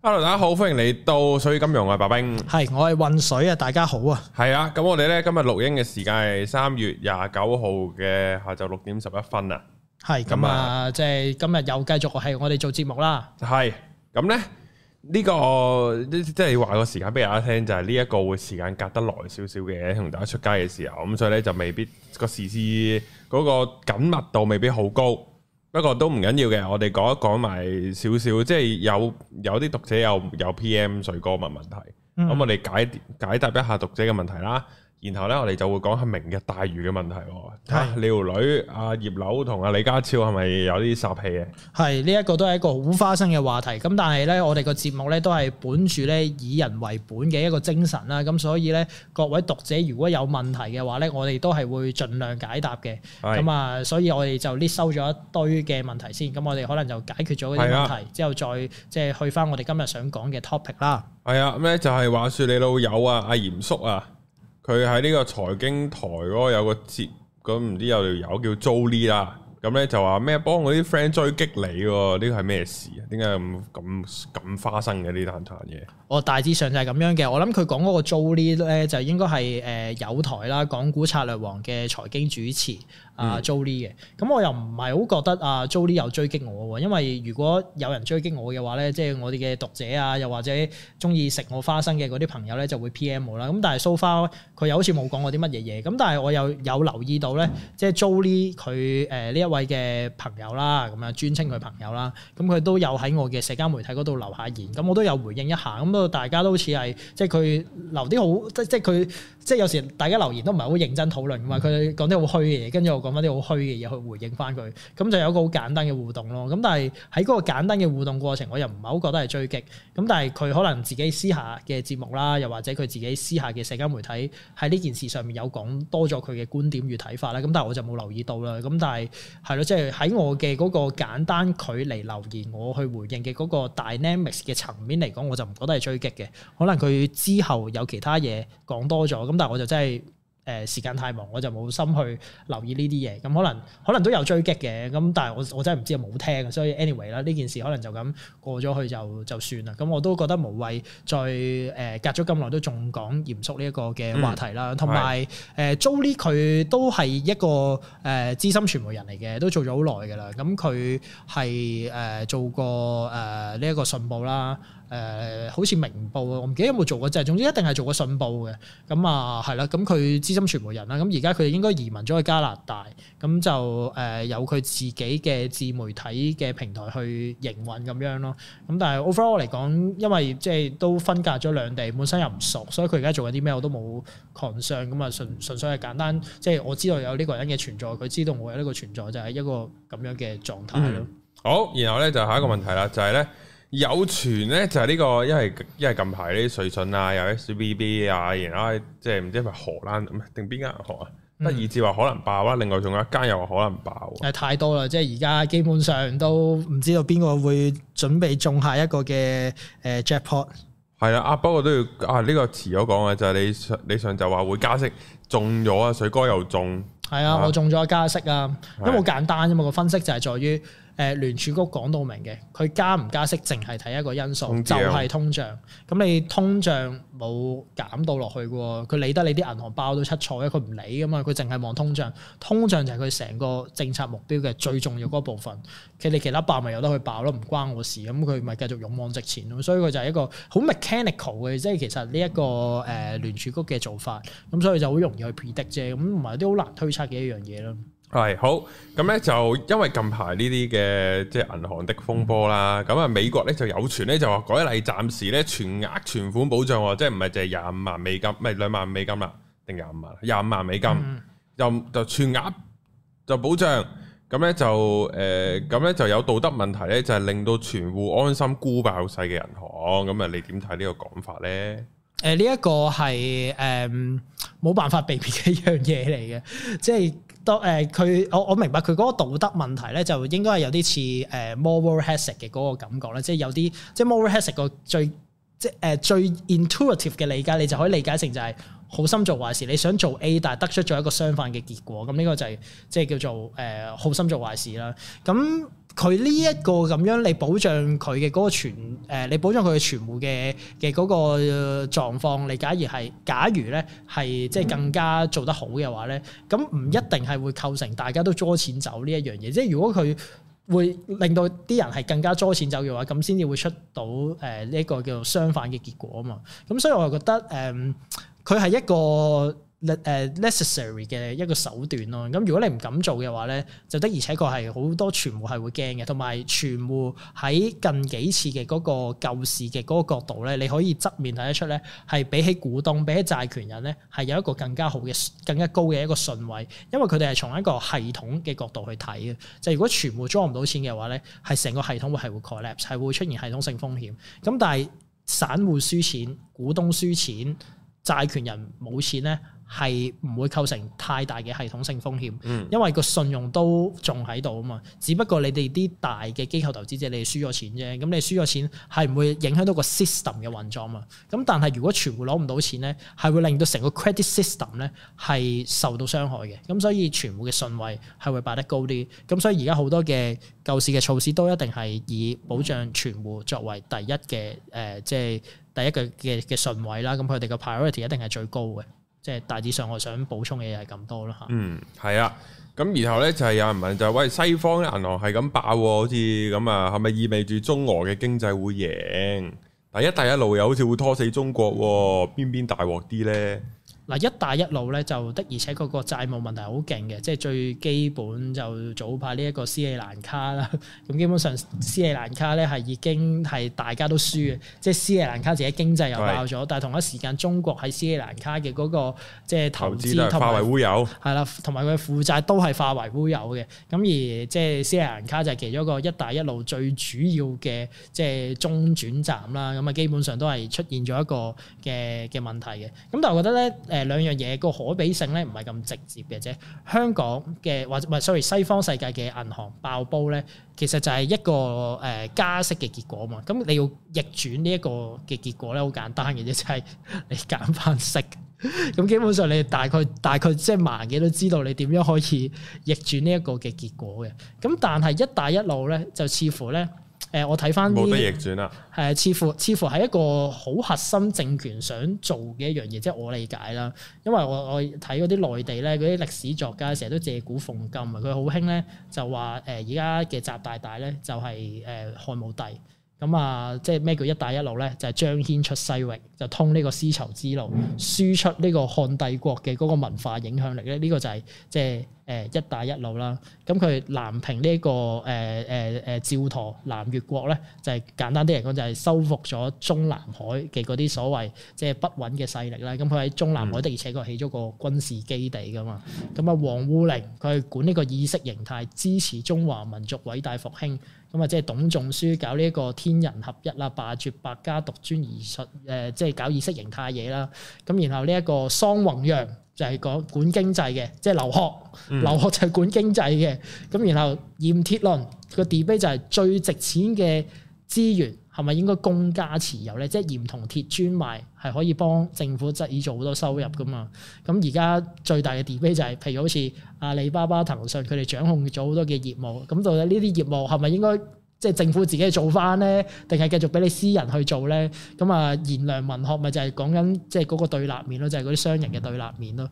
hello，大家好，歡迎嚟到水金融啊，白兵係，我係渾水啊，大家好啊，係啊，咁我哋咧今日錄音嘅時間係三月廿九號嘅下晝六點十一分啊，係，咁啊、這個，即係今日又繼續係我哋做節目啦，係，咁咧呢個即係話個時間俾大家聽，就係呢一個會時間隔得耐少少嘅，同大家出街嘅時候，咁所以咧就未必個時事嗰個緊密度未必好高。不過都唔緊要嘅，我哋講一講埋少少，即係有有啲讀者有有 PM 水哥問問題，咁、嗯、我哋解解答一下讀者嘅問題啦。然後咧，我哋就會講下明日大嶼嘅問題。吓是，條、啊、女阿葉、啊、劉同阿、啊、李家超係咪有啲殺氣嘅？係呢、這個、一個都係一個好花生嘅話題。咁但係咧，我哋個節目咧都係本住咧以人為本嘅一個精神啦。咁所以咧，各位讀者如果有問題嘅話咧，我哋都係會盡量解答嘅。咁是啊，所以我哋就呢收咗一堆嘅問題先。咁我哋可能就解決咗呢啲問題的之後再，再即係去翻我哋今日想講嘅 topic 啦。係啊，咁咧就係話說你老友啊，阿嚴叔啊。啊啊佢喺呢個財經台嗰個有個節，咁唔知有條友叫 Jolie 啦，咁咧就話咩幫我啲 friend 追擊你喎？呢個係咩事啊？點解咁咁咁發生嘅呢單嘢？我，哦，大致上就係咁樣嘅，我諗佢講嗰個 Jolie 咧就應該係誒、呃、有台啦，港股策略王嘅財經主持。啊，Jolie 嘅，咁我又唔係好覺得啊，Jolie 有追擊我喎，因為如果有人追擊我嘅話咧，即係我哋嘅讀者啊，又或者中意食我花生嘅嗰啲朋友咧，就會 PM 我啦。咁但係 Sofa 佢又好似冇講過啲乜嘢嘢，咁但係我又有，有留意到咧，即係 Jolie 佢誒呢、呃、一位嘅朋友啦，咁樣尊稱佢朋友啦，咁佢都有喺我嘅社交媒體嗰度留下言，咁我都有回應一下，咁不過大家都好似係即係佢留啲好，即即係佢。即係有時大家留言都唔係好認真討論㗎嘛，佢講啲好虛嘅嘢，跟住我講翻啲好虛嘅嘢去回應翻佢，咁就有一個好簡單嘅互動咯。咁但係喺嗰個簡單嘅互動過程，我又唔係好覺得係追擊，咁但係佢可能自己私下嘅節目啦，又或者佢自己私下嘅社交媒體，喺呢件事上面有講多咗佢嘅觀點與睇法啦。咁但係我就冇留意到啦。咁但係係咯，即係喺我嘅嗰個簡單距離留言，我去回應嘅嗰個 dynamics 嘅層面嚟講，我就唔覺得係追擊嘅。可能佢之後有其他嘢講多咗咁。但我就真係誒時間太忙，我就冇心去留意呢啲嘢。咁可能可能都有追擊嘅，咁但係我我真係唔知，冇聽，所以 anyway 啦，呢件事可能就咁過咗去就就算啦。咁我都覺得無謂再誒隔咗咁耐都仲講嚴肅呢一個嘅話題啦。同埋誒，Jolie 佢都係一個誒資深傳媒人嚟嘅，都做咗好耐噶啦。咁佢係誒做過誒呢一個信報啦。誒、呃，好似明報啊，我唔記得有冇做過啫。總之一定係做過信報嘅。咁啊，係啦。咁佢資深傳媒人啦。咁而家佢哋應該移民咗去加拿大。咁就誒，有佢自己嘅自媒體嘅平台去營運咁樣咯。咁但係 overall 嚟講，因為即係都分隔咗兩地，本身又唔熟，所以佢而家做緊啲咩我都冇 concern。咁啊，純純粹係簡單，即、就、係、是、我知道有呢個人嘅存在，佢知道我有呢個存在，就係、是、一個咁樣嘅狀態咯、嗯。好，然後咧就是、下一個問題啦，就係、是、咧。有傳咧就係呢、這個，因為因為近排啲水訊啊，有 SVB 啊，然後即係唔知係荷蘭唔定邊間行啊？不、嗯、以至話可能爆啦，另外仲有一間又話可能爆。係太多啦，即係而家基本上都唔知道邊個會準備中下一個嘅誒 Jackpot。係、呃、啊，不過都要啊呢、這個遲咗講啊，就係、是、你上你上就話會加息，中咗啊水哥又中。係啊，啊我中咗加息啊，都好簡單啫嘛，個是分析就係在於。誒聯儲局講到明嘅，佢加唔加息淨係睇一個因素，棒就係通脹。咁你通脹冇減到落去喎，佢理得你啲銀行爆都出錯咧，佢唔理噶嘛，佢淨係望通脹。通脹就係佢成個政策目標嘅最重要嗰部分。其實、嗯、其他有爆咪由得佢爆咯，唔關我事。咁佢咪繼續勇往直前咯。所以佢就係一個好 mechanical 嘅，即係其實呢一個誒聯儲局嘅做法。咁所以就好容易去 predict 啫。咁唔係啲好難推測嘅一樣嘢咯。係、哎、好咁咧，就因為近排呢啲嘅即係銀行的風波啦，咁啊美國咧就有傳咧就話改例，暫時咧全額存款保障，即係唔係淨係廿五萬美金，唔係兩萬美金啦，定廿五萬，廿五萬美金又、嗯、就全額就，就保障，咁咧就誒咁咧就有道德問題咧，就係、是、令到存戶安心估爆晒嘅銀行，咁啊你點睇呢、呃這個講法咧？誒呢一個係誒冇辦法避免嘅一樣嘢嚟嘅，即係。到佢、呃，我我明白佢嗰個道德問題咧，就應該係有啲似誒、呃、moral hazard 嘅嗰個感覺咧，即係有啲即係 moral hazard 個最即係誒、呃、最 intuitive 嘅理解，你就可以理解成就係好心做壞事，你想做 A 但係得出咗一個相反嘅結果，咁呢個就係、是、即係叫做誒、呃、好心做壞事啦，咁。佢呢一個咁樣，你保障佢嘅嗰個存、呃，你保障佢嘅存戶嘅嘅嗰個狀況，你假如係，假如咧係即係更加做得好嘅話咧，咁唔一定係會構成大家都攞錢走呢一樣嘢。即係如果佢會令到啲人係更加攞錢走嘅話，咁先至會出到誒呢一個叫做相反嘅結果啊嘛。咁所以我又覺得誒，佢、呃、係一個。誒 necessary 嘅一個手段咯。咁如果你唔敢做嘅話咧，就的而且確係好多存戶係會驚嘅。同埋存戶喺近幾次嘅嗰個救市嘅嗰個角度咧，你可以側面睇得出咧，係比起股東、比起債權人咧，係有一個更加好嘅、更加高嘅一個順位。因為佢哋係從一個系統嘅角度去睇嘅。就如果存戶裝唔到錢嘅話咧，係成個系統會係會 collapse，係會出現系統性風險。咁但係散戶輸錢、股東輸錢、債權人冇錢咧。係唔會構成太大嘅系統性風險，因為個信用都仲喺度啊嘛。只不過你哋啲大嘅機構投資者，你哋輸咗錢啫。咁你輸咗錢係唔會影響到個 system 嘅運作嘛。咁但係如果存戶攞唔到錢咧，係會令到成個 credit system 咧係受到傷害嘅。咁所以存戶嘅順位係會擺得高啲。咁所以而家好多嘅救市嘅措施都一定係以保障存戶作為第一嘅誒、呃，即係第一個嘅嘅順位啦。咁佢哋嘅 priority 一定係最高嘅。即係大致上，我想補充嘅嘢係咁多咯嚇。嗯，係啊。咁然後咧就係有人問就係，喂，西方嘅銀行係咁爆，好似咁啊，係咪意味住中俄嘅經濟會贏？但一帶一路又好似會拖死中國喎，邊邊大鑊啲咧？嗱，一帶一路咧就的而且確個債務問題好勁嘅，即係最基本就早排呢一個斯里蘭卡啦。咁基本上斯里蘭卡咧係已經係大家都輸嘅，即係 斯里蘭卡自己經濟又爆咗，是但係同一時間中國喺斯里蘭卡嘅嗰個即係投資,投資化為烏有，係啦，同埋佢嘅負債都係化為烏有嘅。咁而即係斯里蘭卡就係其中一個一帶一路最主要嘅即係中轉站啦。咁啊基本上都係出現咗一個嘅嘅問題嘅。咁但係我覺得咧。誒，兩樣嘢個可比性咧，唔係咁直接嘅啫。香港嘅或或 sorry，西方世界嘅銀行爆煲咧，其實就係一個誒、呃、加息嘅結果嘛。咁你要逆轉呢一個嘅結果咧，好簡單嘅啫，就係、是、你減翻息。咁基本上你大概大概即係、就是、盲嘅都知道你點樣可以逆轉呢一個嘅結果嘅。咁但係一帶一路咧，就似乎咧。誒、呃，我睇翻冇得逆轉啊，呃，似乎似乎係一個好核心政權想做嘅一樣嘢，即係我理解啦。因為我我睇嗰啲內地咧，嗰啲歷史作家成日都借古諷今，佢好興咧就話誒，而家嘅習大大咧就係誒漢武帝。咁啊，即係咩叫一帶一路咧？就係、是、張騫出西域，就通呢個絲綢之路，輸出呢個漢帝國嘅嗰個文化影響力咧。呢、這個就係即係誒一帶一路啦。咁佢南平呢、這個誒誒誒趙佗南越國咧，就係、是、簡單啲嚟講，就係收復咗中南海嘅嗰啲所謂即係不穩嘅勢力啦。咁佢喺中南海的，的，而且確起咗個軍事基地噶嘛。咁啊，王滬寧佢管呢個意識形態，支持中華民族偉大復興。咁啊，即係董仲舒搞呢一個天人合一啦，霸絕百家，獨尊儒術，誒、呃，即係搞意識形態嘢啦。咁然後呢一個桑弘羊就係講管經濟嘅，即係劉鶴，劉鶴、嗯、就係管經濟嘅。咁然後鹽鐵論個地碑就係最值錢嘅資源。係咪應該公家持有咧？即、就、係、是、鹽同鐵專賣係可以幫政府質已做好多收入噶嘛？咁而家最大嘅 d e b a t 就係、是，譬如好似阿里巴巴、騰訊，佢哋掌控咗好多嘅業務。咁到底呢啲業務係咪應該即係、就是、政府自己去做翻咧，定係繼續俾你私人去做咧？咁啊，言良文學咪就係講緊即係嗰個對立面咯，就係嗰啲商人嘅對立面咯。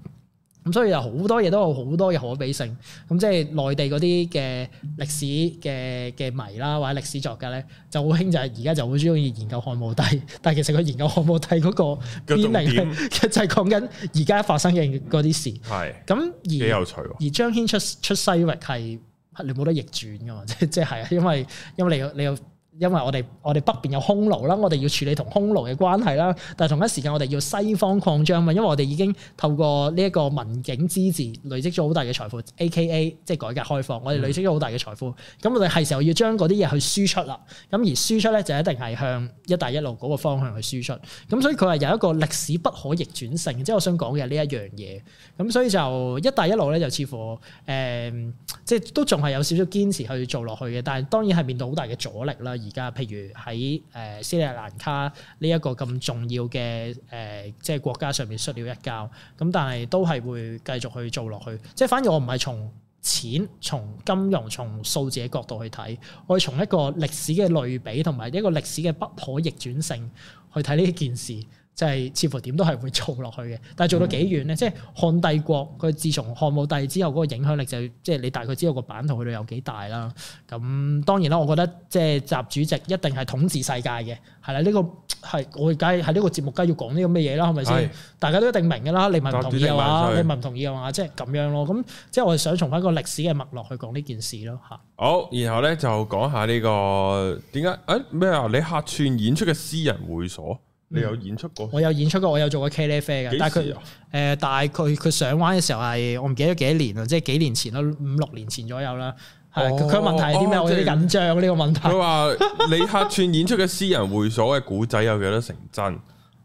咁所以有好多嘢都有好多嘅可比性，咁即係內地嗰啲嘅歷史嘅嘅迷啦，或者歷史作家咧，就好興就係而家就好中意研究漢武帝，但係其實佢研究漢武帝嗰個變靈， 就係講緊而家發生嘅嗰啲事。係咁是而有趣，而張騫出出西域係，你冇得逆轉㗎嘛？即即係因為，因為你有你有。因為我哋我哋北邊有匈奴啦，我哋要處理同匈奴嘅關係啦。但係同一時間，我哋要西方擴張嘛。因為我哋已經透過呢一個文景之治累積咗好大嘅財富，AKA 即係改革開放，我哋累積咗好大嘅財富。咁我哋係時候要將嗰啲嘢去輸出啦。咁而輸出咧就一定係向一帶一路嗰個方向去輸出。咁所以佢係有一個歷史不可逆轉性。即係我想講嘅呢一樣嘢。咁所以就一帶一路咧就似乎誒，即係都仲係有少少堅持去做落去嘅。但係當然係面對好大嘅阻力啦。而家譬如喺誒、呃、斯里蘭卡呢一個咁重要嘅誒、呃、即係國家上面摔了一跤，咁但係都係會繼續去做落去。即係反而我唔係從錢、從金融、從數字嘅角度去睇，我係從一個歷史嘅類比同埋一個歷史嘅不可逆轉性去睇呢一件事。即係似乎點都係會做落去嘅，但係做到幾遠咧？嗯、即係漢帝國，佢自從漢武帝之後嗰個影響力就即係你大概知道個版圖去到有幾大啦。咁當然啦，我覺得即係習主席一定係統治世界嘅，係啦。呢、呢個係我而家喺呢個節目梗要講呢個咩嘢啦？係咪先？是大家都一定明嘅啦。你咪同意嘅話，你咪唔同意嘅話，即係咁樣咯。咁即係我係想從翻個歷史嘅脈絡去講呢件事咯。嚇！好，然後咧就講下、呢個哎、呢個點解？誒咩啊？你客串演出嘅私人會所？嗯、你有演出過？我有演出過，我有做過茄喱啡嘅。但係佢，誒，但係佢上彎嘅時候係，我唔記得幾多年啦，即係幾年前啦，五六年前左右啦。係佢個問題係啲咩？哦就是、我有啲緊張呢、呢個問題？佢話你客串演出嘅私人會所嘅古仔有幾多成真？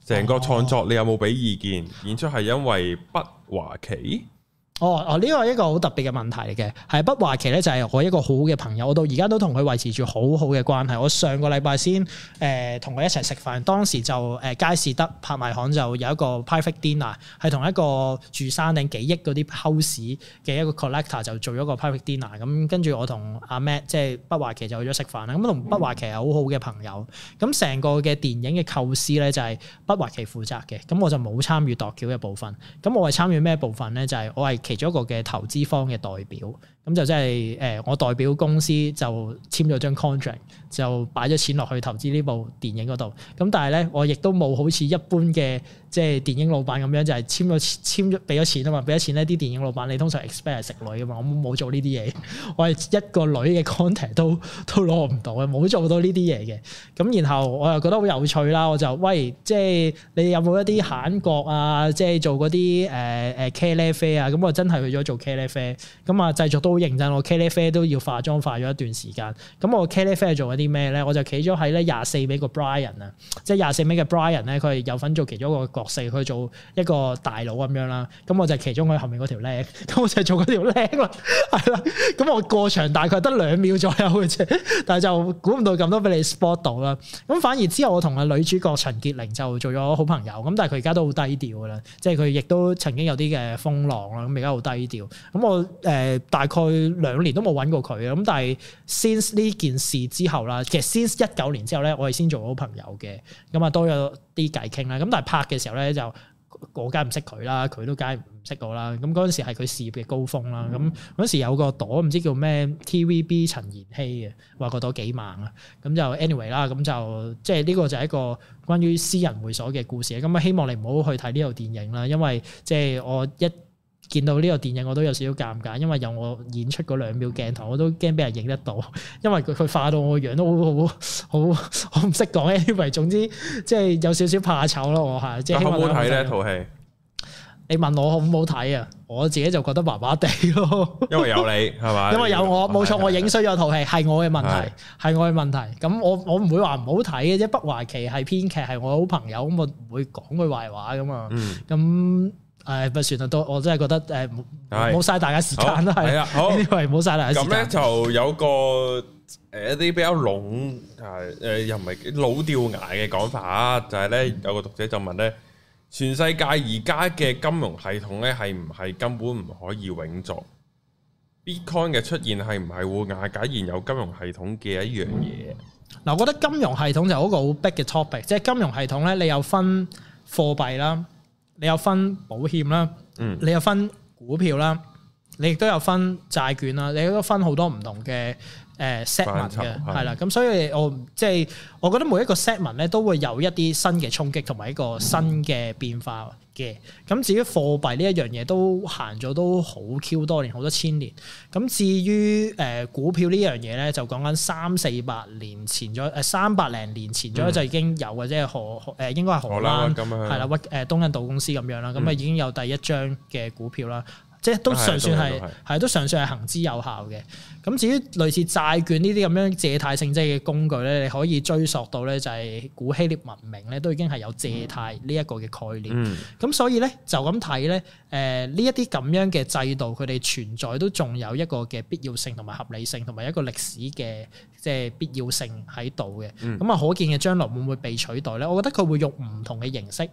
成個創作、哦、你有冇俾意見？演出係因為不華期。哦哦，呢個係一個好特別嘅問題嚟嘅，係北華旗咧就係我一個好好嘅朋友，我到而家都同佢維持住好好嘅關係。我上個禮拜先誒同佢一齊食飯，當時就誒佳士得拍賣行就有一個 private dinner，係同一個住山頂幾億嗰啲 house 嘅一個 collector 就做咗個 private dinner。咁跟住我同阿 Matt 即係北華旗，就去咗食飯啦。咁同北華旗係好好嘅朋友。咁成個嘅電影嘅構思咧就係北華旗負責嘅，咁我就冇參與度橋嘅部分。咁我係參與咩部分咧？就係、是、我係。其中一個嘅投資方嘅代表。咁就真係誒、欸，我代表公司就簽咗張 contract，就擺咗錢落去投資呢部電影嗰度。咁但係咧，我亦都冇好似一般嘅即係電影老闆咁樣，就係、是、簽咗簽咗俾咗錢啊嘛，俾咗錢呢啲電影老闆你通常 expect 係食女啊嘛，我冇做呢啲嘢， 我係一個女嘅 contract 都都攞唔到嘅，冇做到呢啲嘢嘅。咁然後我又覺得好有趣啦，我就喂，即係你有冇一啲閒角啊？即係做嗰啲誒誒茄哩啡啊？咁、啊、我真係去咗做茄哩啡，咁啊製作都好認真，我 Kelly Fair 都要化妝化咗一段時間。咁我 Kelly Fair 做咗啲咩咧？我就企咗喺咧廿四尾個 Bryan 啊，即係廿四尾嘅 Bryan 咧，佢係有份做其中一個角色，佢做一個大佬咁樣啦。咁我就其中佢後面嗰條靚，咁我就做嗰條靚啦，係 啦。咁我過場大概得兩秒左右嘅啫， 但係就估唔到咁多俾你 spot 到啦。咁反而之後我同阿女主角陳潔玲就做咗好朋友。咁但係佢而家都好低調噶啦，即係佢亦都曾經有啲嘅風浪啦，咁而家好低調。咁我誒、呃、大概。佢兩年都冇揾過佢啦，咁但係 since 呢件事之後啦，其實 since 一九年之後咧，我哋先做好朋友嘅，咁啊都有啲偈傾啦。咁但係拍嘅時候咧，就我梗唔識佢啦，佢都梗唔識我啦。咁嗰陣時係佢事業嘅高峰啦，咁嗰陣時有個朵唔知叫咩 TVB 陳妍希嘅，話個朵幾猛啊，咁就 anyway 啦，咁就即係呢個就係一個關於私人會所嘅故事。咁啊，希望你唔好去睇呢套電影啦，因為即係我一。見到呢個電影我都有少少尷尬，因為有我演出嗰兩秒鏡頭，我都驚俾人影得到，因為佢佢化到我樣都好好好，我唔識講，因為總之即係有少少怕醜咯，我係即係。好唔好睇呢套戲？你問我好唔好睇啊？我自己就覺得麻麻地咯。因為有你係嘛？因為有我，冇錯，我影衰咗套戲，係我嘅問題，係我嘅問題。咁我我唔會話唔好睇嘅，即係北華奇係編劇，係我好朋友，咁我唔會講佢壞話噶嘛。嗯。咁。誒、哎，不算啦，多，我真係覺得誒，冇、呃、嘥是大家時間咯，係啊，好，呢冇嘥大家咁咧就有個誒一啲比較籠誒誒又唔係老掉牙嘅講法啊，就係、是、咧有個讀者就問咧，全世界而家嘅金融系統咧係唔係根本唔可以永續？Bitcoin 嘅出現係唔係會瓦解現有金融系統嘅一樣嘢？嗱、嗯嗯啊，我覺得金融系統就好個好逼嘅 topic，即係金融系統咧，你有分貨幣啦。你有分保險啦，嗯、你有分股票啦，你亦都有分債券啦，你都分好多唔同嘅誒 set 文嘅，係、呃、啦，咁、嗯、所以我即係、就是、我覺得每一個 set 文咧都會有一啲新嘅衝擊同埋一個新嘅變化。嗯嘅，咁至於貨幣呢一樣嘢都行咗都好 Q 多年，好多千年。咁至於誒、呃、股票呢樣嘢咧，就講緊三四百年前咗，誒三百零年前咗就已經有嘅，即係荷誒應該係荷蘭，係啦，屈誒東印度公司咁樣啦，咁啊已經有第一張嘅股票啦。嗯嗯即係都尚算係係都尚算係行之有效嘅。咁至於類似債券呢啲咁樣借貸性質嘅工具咧，你可以追溯到咧就係古希臘文明咧都已經係有借貸呢一個嘅概念。咁、嗯、所以咧就咁睇咧，誒呢一啲咁樣嘅制度，佢哋存在都仲有一個嘅必要性同埋合理性，同埋一個歷史嘅即係必要性喺度嘅。咁啊、嗯，可見嘅將來會唔會被取代咧？我覺得佢會用唔同嘅形式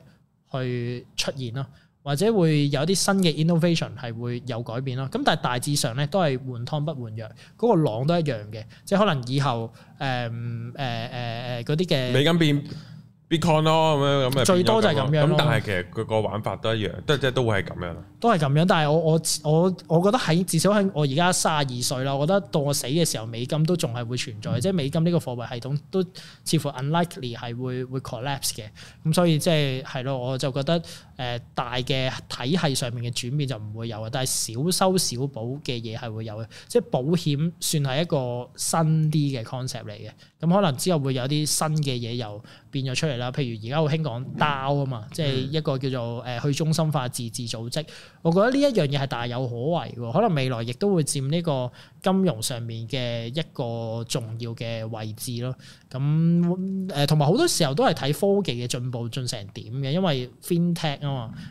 去出現咯。或者會有啲新嘅 innovation 係會有改變咯，咁但係大致上咧都係換湯不換藥，嗰、那個囊都一樣嘅，即係可能以後誒誒誒誒嗰啲嘅美金變 bitcoin 咯，咁樣，咁最多就係咁樣。咁但係其實佢個玩法都一樣，即是都即係都會係咁樣。都係咁樣，但係我我我我覺得喺至少喺我而家三十二歲啦，我覺得到我死嘅時候美金都仲係會存在，嗯、即係美金呢個貨幣系統都似乎 unlikely 係會會 collapse 嘅。咁所以即係係咯，我就覺得。誒大嘅體系上面嘅轉變就唔會有啊，但係小修小補嘅嘢係會有嘅，即係保險算係一個新啲嘅 concept 嚟嘅。咁可能之後會有啲新嘅嘢又變咗出嚟啦。譬如而家好興講 DAO 啊嘛，即係一個叫做誒去中心化自治組織。我覺得呢一樣嘢係大有可為喎，可能未來亦都會佔呢個金融上面嘅一個重要嘅位置咯。咁誒同埋好多時候都係睇科技嘅進步進成點嘅，因為 FinTech。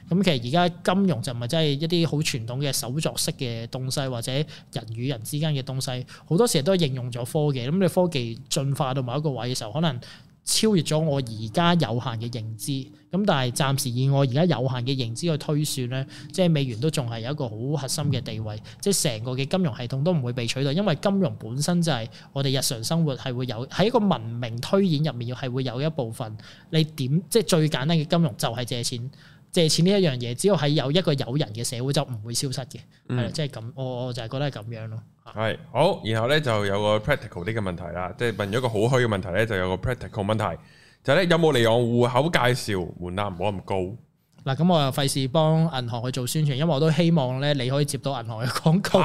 咁其實而家金融就唔係真係一啲好傳統嘅手作式嘅東西，或者人與人之間嘅東西，好多時都係應用咗科技。咁你科技進化到某一個位嘅時候，可能超越咗我而家有限嘅認知。咁但係暫時以我而家有限嘅認知去推算咧，即係美元都仲係有一個好核心嘅地位。即係成個嘅金融系統都唔會被取代，因為金融本身就係我哋日常生活係會有喺一個文明推演入面，係會有一部分你點，即係最簡單嘅金融就係借錢。借錢呢一樣嘢，只要係有一個有人嘅社會，就唔會消失嘅。係啦，即係咁，我我就係覺得係咁樣咯。係，好，然後咧，就有個 practical 啲嘅問題啦，即係問咗一個好虛嘅問題咧，就有個 practical 問題，就係咧，有冇利用戶口介紹門檻唔好咁高？嗱咁，我又費事幫銀行去做宣傳，因為我都希望咧，你可以接到銀行嘅廣告。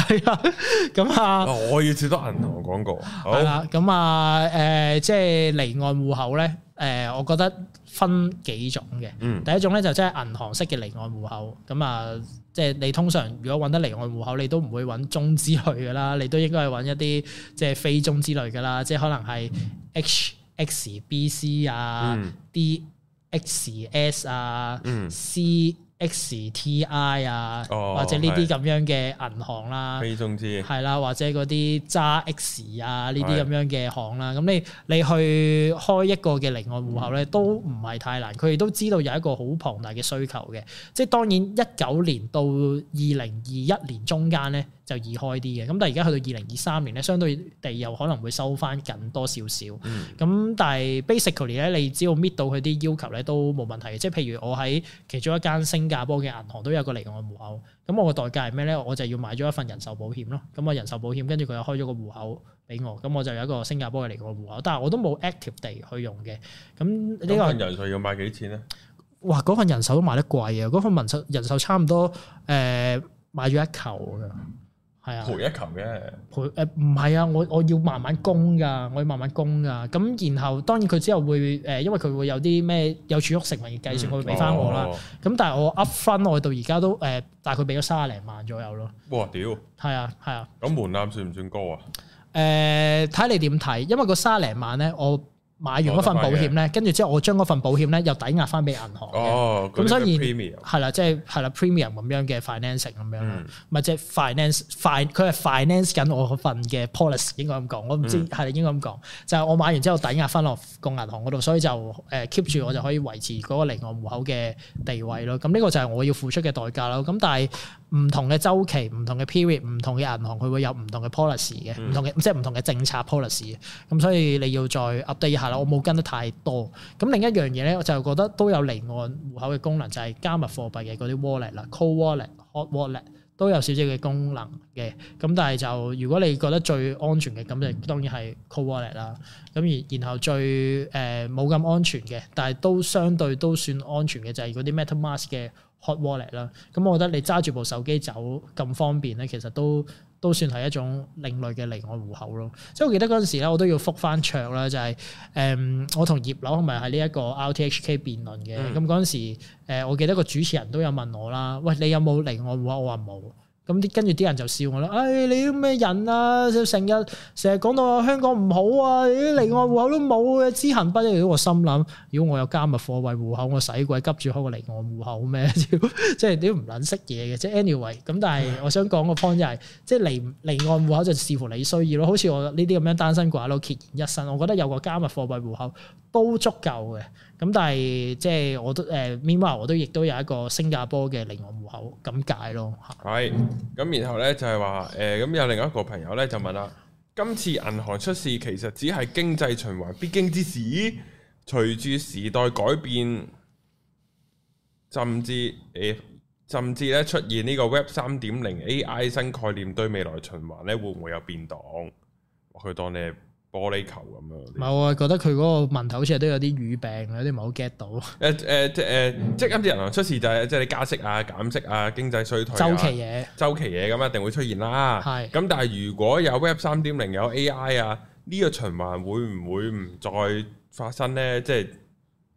係蛤 啊，咁啊，我要接到銀行嘅廣告。係啦，咁啊，誒、呃，即係離岸戶口咧，誒、呃，我覺得分幾種嘅。嗯，第一種咧就即、是、係銀行式嘅離岸戶口。咁啊，即係你通常如果揾得離岸戶口，你都唔會揾中之類噶啦，你都應該係揾一啲即係非中之類噶啦，即係可能係 H X、啊、X、嗯、B、C 啊，D。S X S 啊，C X T I、哦、啊，或者呢啲咁樣嘅銀行啦，非中資，係啦，或者嗰啲渣 X 啊，呢啲咁樣嘅行啦，咁你你去開一個嘅另外戶口咧，都唔係太難，佢哋都知道有一個好龐大嘅需求嘅，即係當然一九年到二零二一年中間咧。就易開啲嘅，咁但係而家去到二零二三年咧，相對地又可能會收翻緊多少少。咁、嗯、但係 basically 咧，你只要搣到佢啲要求咧都冇問題嘅。即係譬如我喺其中一間新加坡嘅銀行都有個離岸戶口，咁我個代價係咩咧？我就要買咗一份人壽保險咯。咁我人壽保險跟住佢又開咗個戶口俾我，咁我就有一個新加坡嘅離岸戶口，但係我都冇 active 地去用嘅。咁呢、這個、嗯、份人壽要買幾錢咧？哇！嗰份人壽都賣得貴啊！嗰份人壽差唔多誒、呃、買咗一球㗎。係啊，陪一琴嘅，陪誒唔係啊，我我要慢慢供噶，我要慢慢供噶。咁然後當然佢之後會誒、呃，因為佢會有啲咩有儲蓄成分嘅計算，我、嗯、會俾翻我啦。咁但係我 up 翻我到而家都誒、呃，大概俾咗三十零萬左右咯。哇屌！係啊係啊。咁、啊、門檻算唔算高啊？誒、呃，睇你點睇，因為個三十零萬咧，我。買完嗰份保險咧，跟住之後我將嗰份保險咧又抵押翻俾銀行嘅，咁所以係啦，即係係啦 premium 咁、就係、樣嘅 financing 咁樣、嗯，咪即係 finance 佢 fi, 係 finance 緊我份嘅 policy 應該咁講，我唔知係、嗯、應該咁講，就係、係、我買完之後抵押翻落個銀行嗰度，所以就誒 keep 住我就可以維持嗰個離岸戶口嘅地位咯。咁呢個就係我要付出嘅代價啦。咁但係。唔同嘅周期、唔同嘅 period、唔同嘅銀行，佢會有唔同嘅 policy 嘅、嗯，唔同嘅即係唔同嘅政策 policy 嘅。咁所以你要再 update 下啦。我冇跟得太多。咁另一樣嘢咧，我就覺得都有離岸戶口嘅功能，就係、是、加密貨幣嘅嗰啲 wallet 啦，cold wallet、hot wallet 都有少少嘅功能嘅。咁但係就如果你覺得最安全嘅，咁就當然係 cold wallet 啦。咁而然後最誒冇咁安全嘅，但係都相對都算安全嘅，就係、是、嗰啲 MetaMask 嘅。hot wallet 啦，咁我覺得你揸住部手機走咁方便咧，其實都都算係一種另類嘅離岸戶口咯。所以我記得嗰陣時咧，我都要覆翻桌啦，就係誒我同葉劉同埋喺呢一個 RTHK 辯論嘅，咁嗰陣時誒我記得個主持人都有問我啦，喂你有冇離岸戶口？我話冇。咁啲跟住啲人就笑我啦！唉、哎，你啲咩人啊？成日成日講到話香港唔好啊，你啲離岸戶口都冇嘅，知行不一。如果我心諗，如果我有加密貨幣戶口，我使鬼急住開個離岸戶口咩？ 即係你都唔撚識嘢嘅。即係 anyway，咁但係我想講個 point 就係，即係離離岸戶口就視乎你需要咯。好似我呢啲咁樣單身寡佬，都孑然一身，我覺得有個加密貨幣戶口都足夠嘅。咁但係即係我都誒，Meanwhile、呃、我都亦都有一個新加坡嘅另外戶口咁解咯嚇。咁、嗯嗯、然後呢，就係話誒，咁有另一個朋友呢，就問啦，今次銀行出事其實只係經濟循環必經之時，隨住時代改變，甚至誒，甚至呢出現呢個 Web 三點零 AI 新概念，對未來循環呢會唔會有變動？佢當你。玻璃球咁啊！我啊、嗯，覺得佢嗰個問題好似都有啲語病，有啲唔係好 get 到。誒誒、嗯、即係誒即係今次，銀行出事就係即係你加息啊、減息啊、經濟衰退啊、周期嘢、周期嘢咁一定會出現啦。係咁是，但係如果有 Web 三點零有 AI 啊，呢、這個循環會唔會唔再發生咧？即係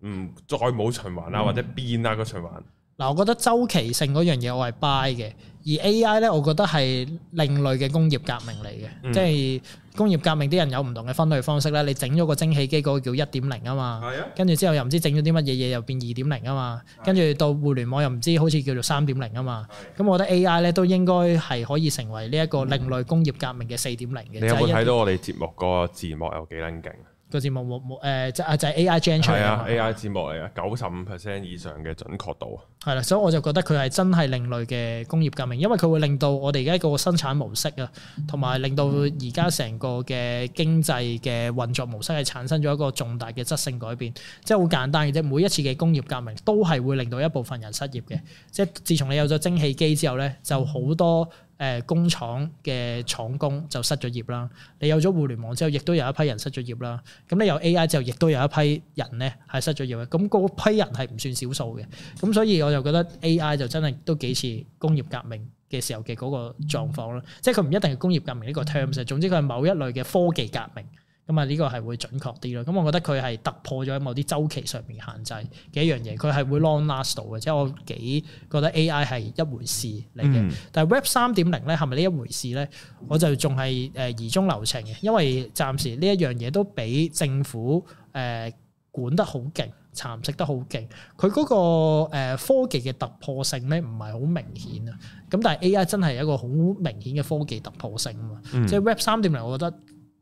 唔再冇循環啊，或者變啊個循環。嗱、嗯，我覺得周期性嗰樣嘢我係 buy 嘅，而 AI 咧，我覺得係另類嘅工業革命嚟嘅，嗯、即係是。嗯工業革命啲人有唔同嘅分類方式咧，你整咗個蒸汽機嗰個叫一點零啊嘛，跟住之後又唔知整咗啲乜嘢嘢又變二點零啊嘛，跟住到互聯網又唔知好似叫做三點零啊嘛，咁、嗯、我覺得 A.I. 咧都應該係可以成為呢一個另類工業革命嘅四點零嘅。你有冇睇到我哋節目個字幕有幾撚勁？個節目冇冇誒？就係就係 AI generate 係啊！AI 節目嚟啊，九十五 percent 以上嘅準確度啊！係啦，所以我就覺得佢係真係另類嘅工業革命，因為佢會令到我哋而家個生產模式啊，同埋令到而家成個嘅經濟嘅運作模式係產生咗一個重大嘅質性改變。即係好簡單嘅啫，每一次嘅工業革命都係會令到一部分人失業嘅。即係自從你有咗蒸汽機之後咧，就好多。誒、工廠嘅廠工就失咗業啦，你有咗互聯網之後，亦都有一批人失咗業啦。咁你有 AI 之後，亦都有一批人咧係失咗業嘅。咁嗰批人係唔算少數嘅。咁所以我就覺得 AI 就真係都幾似工業革命嘅時候嘅嗰個狀況囉。即係佢唔一定係工業革命呢個 terms，總之佢係某一類嘅科技革命。咁啊，呢個係會準確啲咯。咁我覺得佢係突破咗某啲周期上面限制嘅一樣嘢，佢係會 long last 到嘅。即係我幾覺得 AI 係一回事嚟嘅。嗯、但係 Web 三點零咧係咪呢一回事咧？我就仲係誒疑中留情嘅，因為暫時呢一樣嘢都俾政府誒、呃、管得好勁，蠶食得好勁。佢嗰個科技嘅突破性咧唔係好明顯啊。咁但係 AI 真係一個好明顯嘅科技突破性啊嘛。即係 Web 三點零，0，我覺得。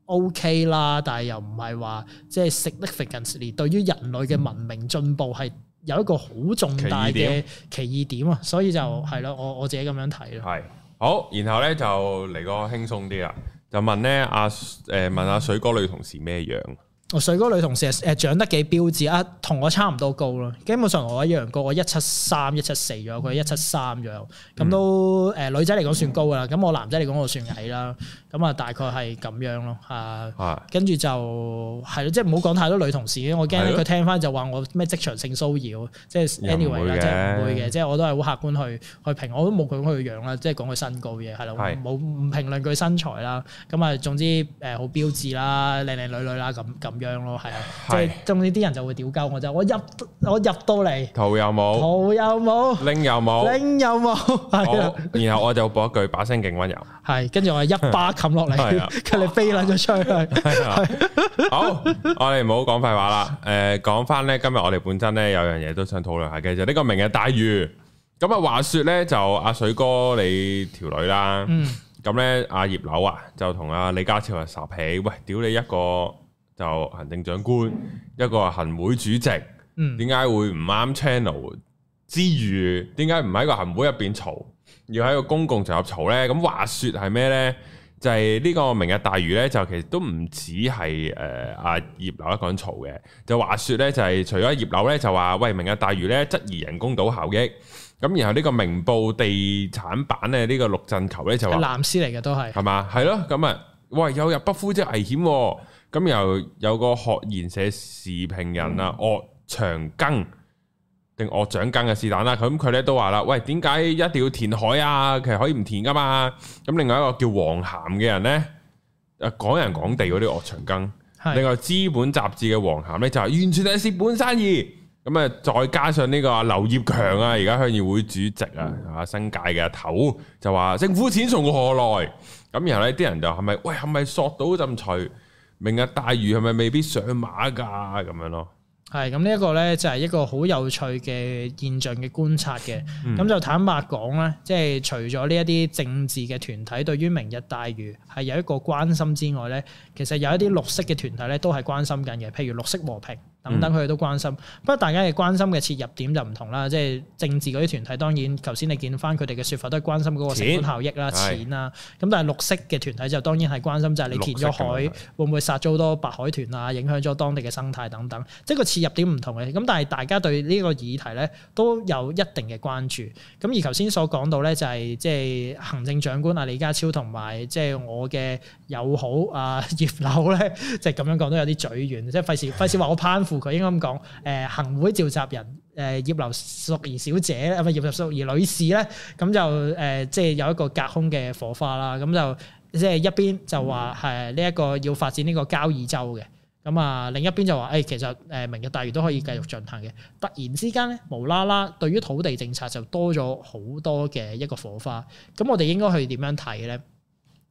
O K 啦，但係又唔係話即係 significance 對於人類嘅文明進步係有一個好重大嘅奇異點啊，所以就係咯，我我自己咁樣睇咯。係好，然後咧就嚟個輕鬆啲啦，就問咧阿誒問阿水哥女同事咩樣？我水哥女同事誒長得幾標致啊，同我差唔多高咯，基本上我一樣高，我一七三一七四左右，佢一七三左右，咁都誒女仔嚟講算高啦，咁我男仔嚟講我算矮啦。咁啊，大概係咁樣咯，啊，跟住就係咯，即係唔好講太多女同事，因為我驚佢聽翻就話我咩職場性騷擾，即係 anyway 啦，即係唔會嘅，即係我都係好客觀去去評，我都冇講佢樣啦，即係講佢身高嘅，係啦，冇唔評論佢身材啦，咁啊，總之誒好標致啦，靚靚女女啦，咁咁樣咯，係啊，即係總之啲人就會屌鳩我就我入我入到嚟頭又冇，頭又冇，拎又冇，拎又冇，然後我就補一句，把聲勁温柔，係，跟住我一百，冚落嚟，佢哋的飛甩咗出去。好， 我哋唔好講廢話啦。誒、呃，講翻咧，今日我哋本身咧有樣嘢都想討論下嘅就呢個明日大嶼。咁啊，話説咧就阿水哥你條女啦。咁咧、嗯，阿、啊、葉劉啊就同阿、啊、李家超啊，傻起。喂，屌你一個就行政長官，嗯、一個行會主席，點解、嗯、會唔啱 channel 之餘，點解唔喺個行會入邊嘈，要喺個公共場合嘈咧？咁話説係咩咧？就係呢個明日大嶼呢，就其實都唔止係誒阿葉劉一個人嘈嘅。就話説呢，就係、是、除咗葉劉呢，就話喂，明日大嶼呢，質疑人工島效益。咁然後呢個明報地產版呢，呢、這個陸振球呢，就話藍絲嚟嘅都係，係嘛係咯。咁、嗯、啊，喂有日不敷，即危險、哦。咁又有，有個學研社時評人啊，岳長庚。嗯定惡長庚嘅是但啦，咁佢咧都話啦，喂，點解一定要填海啊？其實可以唔填噶嘛。咁另外一個叫黃涵嘅人咧，港人港地嗰啲惡長庚。是的 另外資本雜誌嘅黃涵呢，就係完全係蝕本生意。咁啊，再加上呢個劉業強啊，而家鄉議會主席啊，啊新界嘅頭就話政府錢從何來？咁然後呢啲人就係咪喂係咪索到浸財？明日大嶼係咪未必上馬噶？咁樣咯。係咁，呢一個咧就係一個好有趣嘅現象嘅觀察嘅。咁、嗯、就坦白講啦，即係除咗呢一啲政治嘅團體對於明日大嶼係有一個關心之外咧，其實有一啲綠色嘅團體咧都係關心緊嘅，譬如綠色和平。咁等佢哋都關心，不過大家嘅關心嘅切入點就唔同啦，即係政治嗰啲團體當然頭先你見翻佢哋嘅說法都係關心嗰個成本效益啦、錢啦，咁的但係綠色嘅團體就當然係關心就係、是、你填咗海會唔會殺咗好多白海豚啊，影響咗當地嘅生態等等，即係個切入點唔同嘅。咁但係大家對呢個議題咧都有一定嘅關注。咁而頭先所講到咧就係即係行政長官啊李家超同埋即係我嘅友好啊葉劉咧，就咁樣講都有啲嘴軟，即係費事費事話我攀附。佢應該咁講，誒、呃、行會召集人，誒、呃、葉劉淑儀小姐，唔、呃、係葉劉淑儀女士咧，咁就誒、呃、即係有一個隔空嘅火花啦。咁就即係一邊就話係呢一個要發展呢個交椅洲嘅，咁啊另一邊就話誒、欸、其實誒明日大嶼都可以繼續進行嘅。嗯、突然之間咧，無啦啦對於土地政策就多咗好多嘅一個火花。咁我哋應該去點樣睇咧？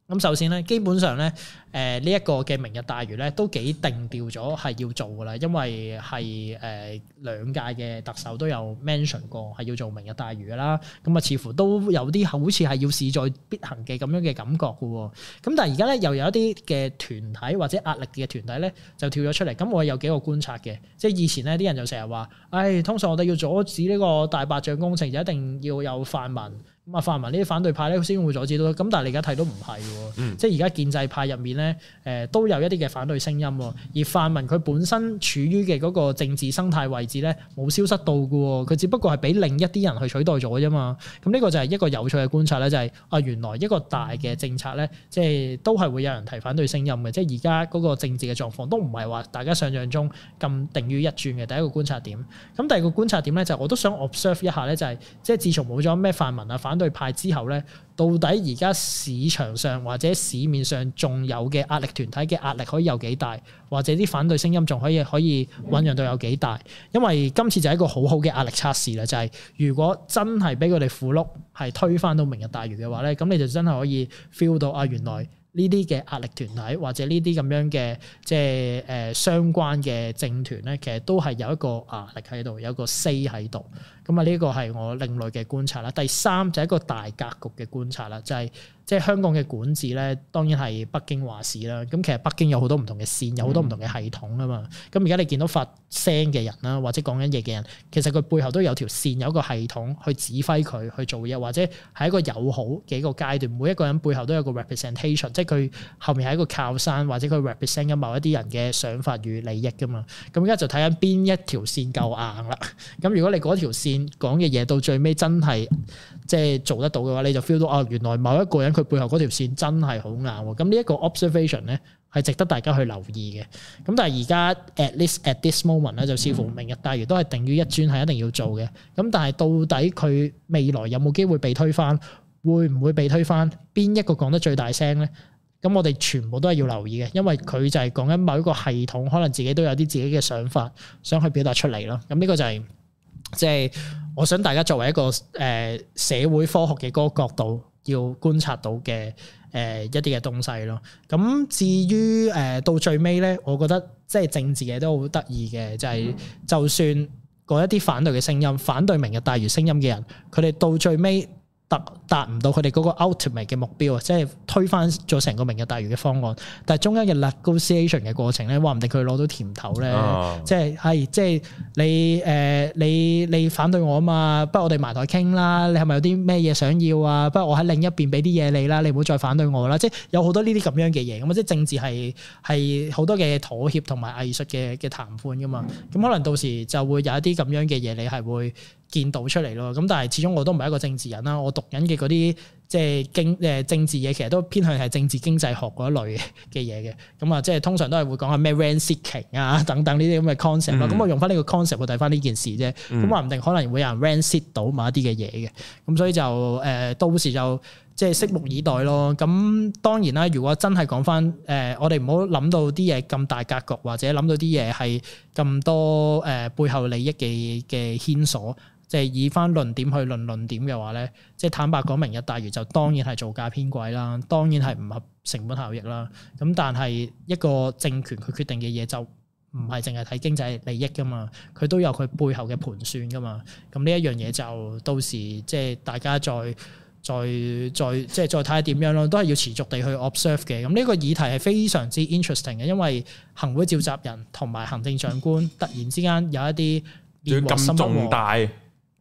咁首先咧，基本上咧，誒呢一個嘅明日大嶼咧，都幾定調咗係要做噶啦，因為係誒兩屆嘅特首都有 mention 過係要做明日大嶼啦。咁啊，似乎都有啲好似係要事在必行嘅咁樣嘅感覺㗎喎。咁但係而家咧，又有一啲嘅團體或者壓力嘅團體咧，就跳咗出嚟。咁我有幾個觀察嘅，即係以前咧啲人就成日話，唉、哎，通常我哋要阻止呢個大白象工程，就一定要有泛民。咁啊，泛民呢啲反對派咧，先會阻止到。咁但係你而家睇都唔係喎，即係而家建制派入面咧，誒、呃、都有一啲嘅反對聲音喎。而泛民佢本身處於嘅嗰個政治生態位置咧，冇消失到㗎喎。佢只不過係俾另一啲人去取代咗啫嘛。咁呢個就係一個有趣嘅觀察咧、就係，就係啊，原來一個大嘅政策咧，即係都係會有人提反對聲音嘅。即係而家嗰個政治嘅狀況都唔係話大家想像中咁定於一轉嘅。第一個觀察點。咁第二個觀察點咧、就係，就係我都想 observe 一下咧、就係，就係即係自從冇咗咩泛民啊反。對派之後咧，到底而家市場上或者市面上仲有嘅壓力團體嘅壓力可以有幾大，或者啲反對聲音仲可以可以醞釀到有幾大？因為今次就係一個好好嘅壓力測試啦，就係、是、如果真係俾佢哋負碌，係推翻到明日大嶼嘅話咧，咁你就真係可以 feel 到啊！原來呢啲嘅壓力團體或者呢啲咁樣嘅即係誒、呃、相關嘅政團咧，其實都係有一個壓力喺度，有個 say 喺度。咁啊，呢個係我另類嘅觀察啦。第三就係、是、一個大格局嘅觀察啦，就係、是、即係香港嘅管治咧，當然係北京話事啦。咁其實北京有好多唔同嘅線，有好多唔同嘅系統啊嘛。咁而家你見到發聲嘅人啦，或者講緊嘢嘅人，其實佢背後都有條線，有一個系統去指揮佢去做嘢，或者係一個友好幾個階段，每一個人背後都有個 representation，即係佢後面係一個靠山，或者佢 represent 咗某一啲人嘅想法與利益噶嘛。咁而家就睇緊邊一條線夠硬啦。咁、嗯、如果你嗰條線，講嘅嘢到最尾真係即係做得到嘅話，你就 feel 到啊、哦，原來某一個人佢背後嗰條線真係好硬、哦。咁呢一個 observation 咧，係值得大家去留意嘅。咁但係而家 at least at this moment 咧，就似乎明日大嶼都係定於一尊係一定要做嘅。咁但係到底佢未來有冇機會被推翻？會唔會被推翻？邊一個講得最大聲咧？咁我哋全部都係要留意嘅，因為佢就係講緊某一個系統，可能自己都有啲自己嘅想法，想去表達出嚟咯。咁呢個就係、是。即係、就是、我想大家作為一個誒、呃、社會科學嘅嗰個角度，要觀察到嘅誒、呃、一啲嘅東西咯。咁至於誒、呃、到最尾咧，我覺得即係政治嘅都好得意嘅，就係、是嗯、就算嗰一啲反對嘅聲音，反對明日大嶼聲音嘅人，佢哋到最尾。達達唔到佢哋嗰個 ultimate 嘅目標啊，即係推翻咗成個明日大嶼嘅方案。但係中央嘅 negotiation 嘅過程咧，話唔定佢攞到甜頭咧、啊。即係係即係你誒、呃、你你反對我啊嘛，不如我哋埋台傾啦。你係咪有啲咩嘢想要啊？不過我喺另一邊俾啲嘢你啦，你唔好再反對我啦。即係有好多呢啲咁樣嘅嘢咁啊，即係政治係係好多嘅妥協同埋藝術嘅嘅談判㗎嘛。咁可能到時就會有一啲咁樣嘅嘢，你係會見到出嚟咯，咁但係始終我都唔係一個政治人啦。我讀緊嘅嗰啲即係經誒政治嘢，其實都偏向係政治經濟學嗰類嘅嘢嘅。咁、嗯、啊，即、嗯、係通常都係會講下咩 rent seeking 啊等等呢啲咁嘅 concept 啦。咁、嗯嗯、我用翻呢個 concept 睇翻呢件事啫。咁話唔定可能會有人 rent seek 到某一啲嘅嘢嘅。咁所以就誒、呃、到時就即係拭目以待咯。咁當然啦，如果真係講翻誒，我哋唔好諗到啲嘢咁大格局，或者諗到啲嘢係咁多誒、呃、背後利益嘅嘅牽索。即係以翻論點去論論點嘅話咧，即係坦白講，明日大嶼就當然係造價偏貴啦，當然係唔合成本效益啦。咁但係一個政權佢決定嘅嘢就唔係淨係睇經濟利益噶嘛，佢都有佢背後嘅盤算噶嘛。咁呢一樣嘢就到時即係大家再再再即係再睇下點樣咯，都係要持續地去 observe 嘅。咁、這、呢個議題係非常之 interesting 嘅，因為行會召集人同埋行政長官突然之間有一啲面和心不和。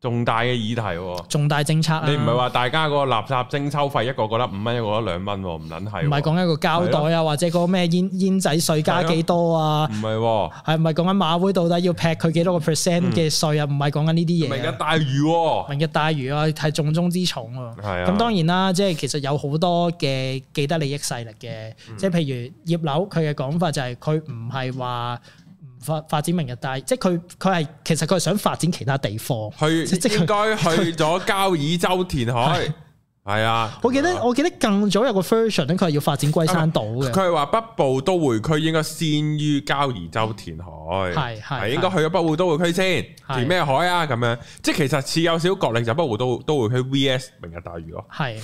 重大嘅議題、哦，重大政策、啊、你唔係話大家嗰個垃圾徵收費一個個得五蚊，一個得兩蚊，唔撚係。唔係講一個膠袋啊，啊或者個咩煙煙仔稅加幾多啊？唔係喎，係唔係講緊馬會到底要劈佢幾多個 percent 嘅稅啊？唔係講緊呢啲嘢。啊、明日大嶼、哦，明日大嶼啊，係重中之重喎。啊。咁、啊、當然啦，即係其實有好多嘅既得利益勢力嘅，即係譬如葉劉佢嘅講法就係佢唔係話。發發展明日大，但即係佢佢係其實佢係想發展其他地方，佢應該去咗交椅洲填海，係 啊。啊我記得、啊、我記得更早有個 version 咧，佢係要發展龜山島嘅。佢係話北部都會區應該先於交椅洲填海，係係應該去咗北部都會區先填咩是海啊？咁樣即係是是其實似有少角力就北部都都會區 V S 明日大嶼咯，係的。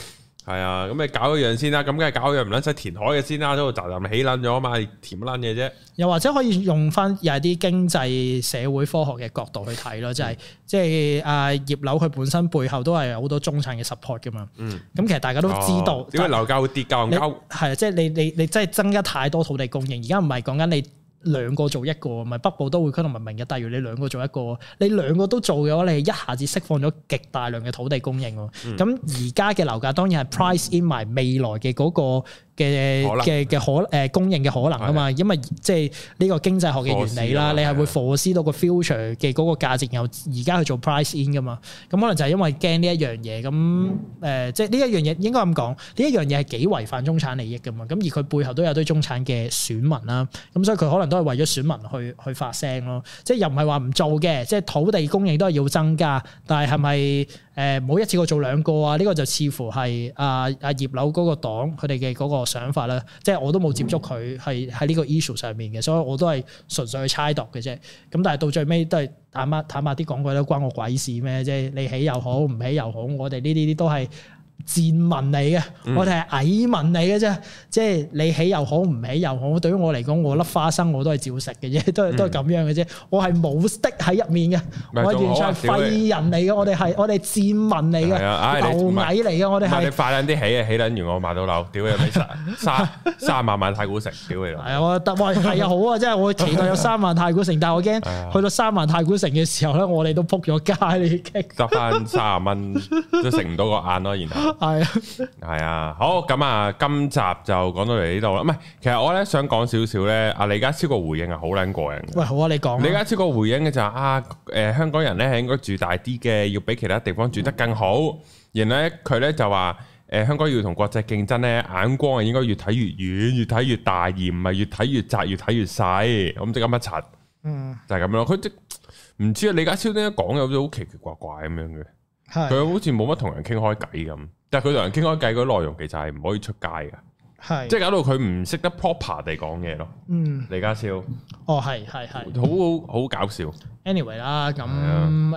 係啊，咁你搞一樣先啦，咁梗係搞一樣唔撚使填海嘅先啦，啊，都度雜雜起撚咗啊嘛，填撚嘢啫。又或者可以用翻又係啲經濟社會科學嘅角度去睇咯，嗯、就係即係啊葉劉佢本身背後都係有好多中產嘅 support 噶嘛。嗯。咁其實大家都知道。點解、哦、就樓價會跌？交唔係啊，即、就、係、是、你你你即係增加太多土地供應，而家唔係講緊你。兩個做一個，咪北部都會區同埋明日大嶼。你兩個做一個，你兩個都做嘅話，你係一下子釋放咗極大量嘅土地供應喎。咁而家嘅樓價當然係 price in 埋、嗯、未來嘅嗰、嗰個嘅嘅嘅可誒、呃、供應嘅可能啊嘛，的因為即係呢個經濟學嘅原理啦，你係會 forecast 到個 future 嘅嗰個價值，又而家去做 price in 噶嘛，咁可能就係因為驚呢一樣嘢，咁誒、呃、即係呢一樣嘢應該咁講，呢一樣嘢係幾違反中產利益噶嘛，咁而佢背後都有堆中產嘅選民啦，咁所以佢可能都係為咗選民去去發聲咯，即係又唔係話唔做嘅，即係土地供應都係要增加，但係係咪？誒冇、呃、一次過做兩個啊！呢、這個就似乎係阿阿葉柳嗰個黨佢哋嘅嗰個想法啦，即係我都冇接觸佢係喺呢個 issue 上面嘅，所以我都係純粹去猜度嘅啫。咁但係到最尾都係坦白坦白啲講句啦，關我鬼事咩啫？你起又好，唔起又好，我哋呢啲啲都係。賤民嚟嘅，我哋係蟻民嚟嘅啫，即係你起又好，唔起又好，對於我嚟講，我粒花生我都係照食嘅啫，都係都係咁樣嘅啫，我係冇的喺入面嘅，我完全廢人嚟嘅，我哋係我哋賤民嚟嘅，流米嚟嘅，我哋係你快撚啲起啊，起撚完我買到樓，屌你咪殺，殺三萬萬太古城，屌你！係啊，我特喂係啊，好啊，即係我期待有三萬太古城，但係我驚去到三萬太古城嘅時候咧，我哋都扑咗街，你激得翻三十蚊都食唔到個眼咯，然後。係啊，係啊是， 好咁啊，今集就講到嚟呢度啦。唔係，其實我咧想講少少咧。阿李家超個回應係好捻過人。喂，好啊，你講。李家超個回應嘅就係、是、啊，誒、呃，香港人咧係應該住大啲嘅，要比其他地方住得更好。嗯、然後咧，佢咧就話，誒、呃，香港要同國際競爭咧，眼光係應該越睇越遠，越睇越大，而唔係越睇越窄，越睇越細。咁即係咁一塵。嗯，嗯就係咁樣。佢即唔知啊。李家超點解講有啲好奇奇怪怪咁樣嘅。佢好似冇乜同人傾開偈咁，但係佢同人傾開偈嗰個內容其實係唔可以出街嘅，是即係搞到佢唔識得 proper 地講嘢咯。嗯，李家超，哦，係係係，好好搞笑。Anyway 啦那，咁誒、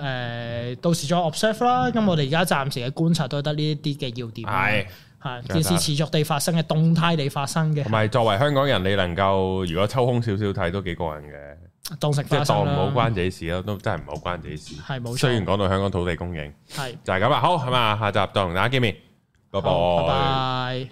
啊，到時再 observe 啦。咁、嗯、我哋而家暫時嘅觀察都得呢一啲嘅要點，係嚇件事持續地發生嘅動態地發生嘅。同埋作為香港人，你能夠如果抽空少少睇都幾過癮嘅。當食即係當唔好關自己事咯，都真係唔好關自己事。係冇錯。雖然講到香港土地供應，係是就係咁啊，好係嘛，下集再同大家見面，好拜拜。拜拜。